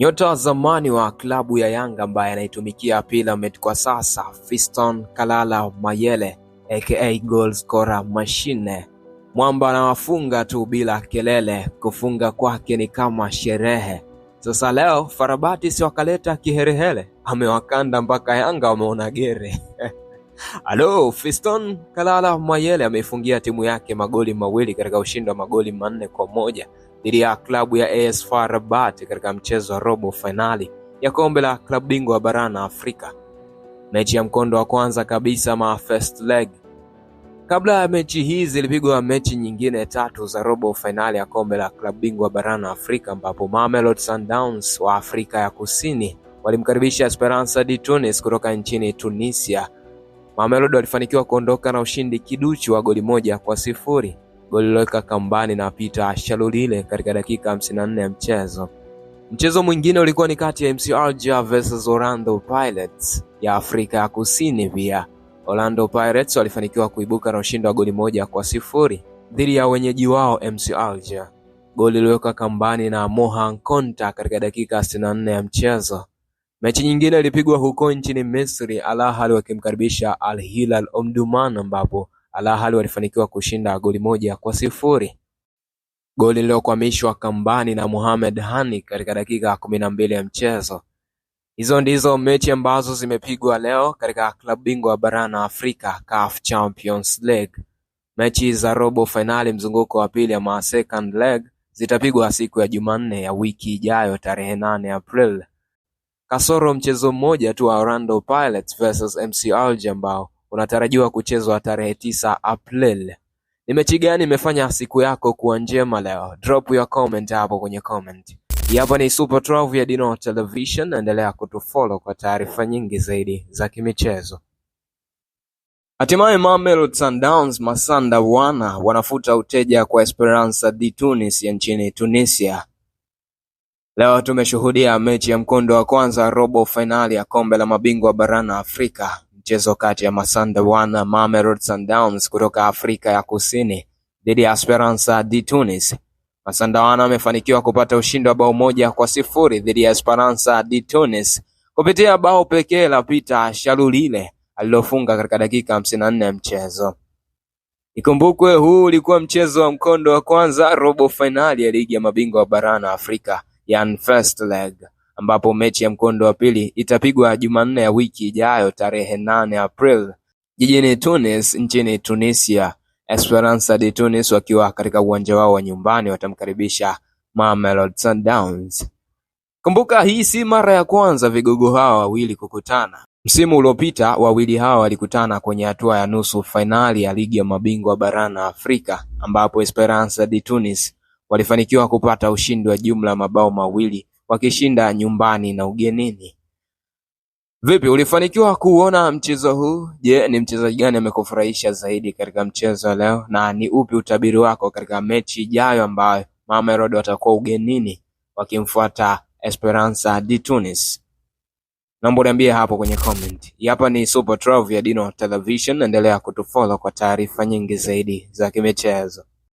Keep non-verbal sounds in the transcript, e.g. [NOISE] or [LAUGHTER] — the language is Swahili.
Nyota wa zamani wa klabu ya Yanga ambaye anaitumikia Pyramids kwa sasa, Fiston Kalala Mayele aka goal machine, mwamba anawafunga tu bila kelele, kufunga kwake ni kama sherehe. Sasa leo farabati si wakaleta kiherehele, amewakanda mpaka Yanga wameona gere [LAUGHS] Alo, Fiston Kalala Mayele ameifungia timu yake magoli mawili katika ushindi wa magoli manne kwa moja dhidi ya klabu ya AS FAR Rabat katika mchezo wa robo fainali ya kombe la klabu bingwa barani Afrika, mechi ya mkondo wa kwanza kabisa ma first leg. Kabla ya mechi hii zilipigwa mechi nyingine tatu za robo fainali ya kombe la klabu bingwa barani Afrika, ambapo Mamelodi Sundowns wa Afrika ya Kusini walimkaribisha Esperance de Tunis kutoka nchini Tunisia. Mamelodi walifanikiwa kuondoka na ushindi kiduchu wa goli moja kwa sifuri. Goli loweka kambani na Peter Shalulile katika dakika 54 ya mchezo. Mchezo mwingine ulikuwa ni kati ya MC Alger versus Orlando Pirates ya Afrika ya Kusini. Pia Orlando Pirates walifanikiwa kuibuka na ushindi wa goli moja kwa sifuri dhidi ya wenyeji wao MC Alger. Goli liliweka kambani na Mohan Konta katika dakika 64 ya mchezo. Mechi nyingine ilipigwa huko nchini Misri, Al Ahly wakimkaribisha Al Hilal Omdurman ambapo Al Ahly walifanikiwa kushinda goli moja kwa sifuri goli lililokwamishwa kambani na Mohamed Hani katika dakika ya kumi na mbili ya mchezo. Hizo ndizo mechi ambazo zimepigwa leo katika klabu bingwa barani Afrika CAF Champions League. Mechi za robo fainali mzunguko wa pili ya second leg zitapigwa siku ya Jumanne ya wiki ijayo tarehe 8 April, kasoro mchezo mmoja tu wa Orlando Pirates versus MC Alger ambao unatarajiwa kuchezwa tarehe tisa April. ni mechi gani imefanya siku yako kuwa njema leo? Drop your comment hapo kwenye comment. hapa ni Super 12 ya Dino Television, endelea kutufollow kwa taarifa nyingi zaidi za kimichezo. Hatimaye Mamelodi Sundowns Masanda wana wanafuta uteja kwa Esperance de Tunis ya nchini Tunisia. Leo tumeshuhudia mechi ya mkondo wa kwanza robo fainali ya kombe la mabingwa barani Afrika Mchezo kati ya Masandawana Mamelodi Sundowns kutoka Afrika ya Kusini dhidi ya Esperance de Tunis. Masandawana wamefanikiwa kupata ushindi wa bao moja kwa sifuri dhidi ya Esperance de Tunis kupitia bao pekee la Peter Shalulile alilofunga katika dakika 54 ya mchezo. Ikumbukwe, huu ulikuwa mchezo wa mkondo wa kwanza robo fainali ya ligi ya mabingwa wa barani Afrika, yani first leg ambapo mechi ya mkondo wa pili itapigwa Jumanne ya wiki ijayo tarehe nane april jijini Tunis nchini Tunisia. Esperance de Tunis wakiwa katika uwanja wao wa nyumbani watamkaribisha Mamelodi Sundowns. Kumbuka hii si mara ya kwanza vigogo hawa wawili kukutana. Msimu uliopita wawili hawa walikutana kwenye hatua ya nusu fainali ya ligi ya mabingwa barani Afrika ambapo Esperance de Tunis walifanikiwa kupata ushindi wa jumla mabao mawili wakishinda nyumbani na ugenini. Vipi, ulifanikiwa kuona mchezo huu? Je, ni mchezaji gani amekufurahisha zaidi katika mchezo wa leo, na ni upi utabiri wako katika mechi ijayo ambayo Mamelodi watakuwa ugenini wakimfuata Esperance de Tunis? Naomba niambie hapo kwenye comment. Hapa ni Super 12 ya Dino Television, endelea kutufollow kwa taarifa nyingi zaidi za kimichezo.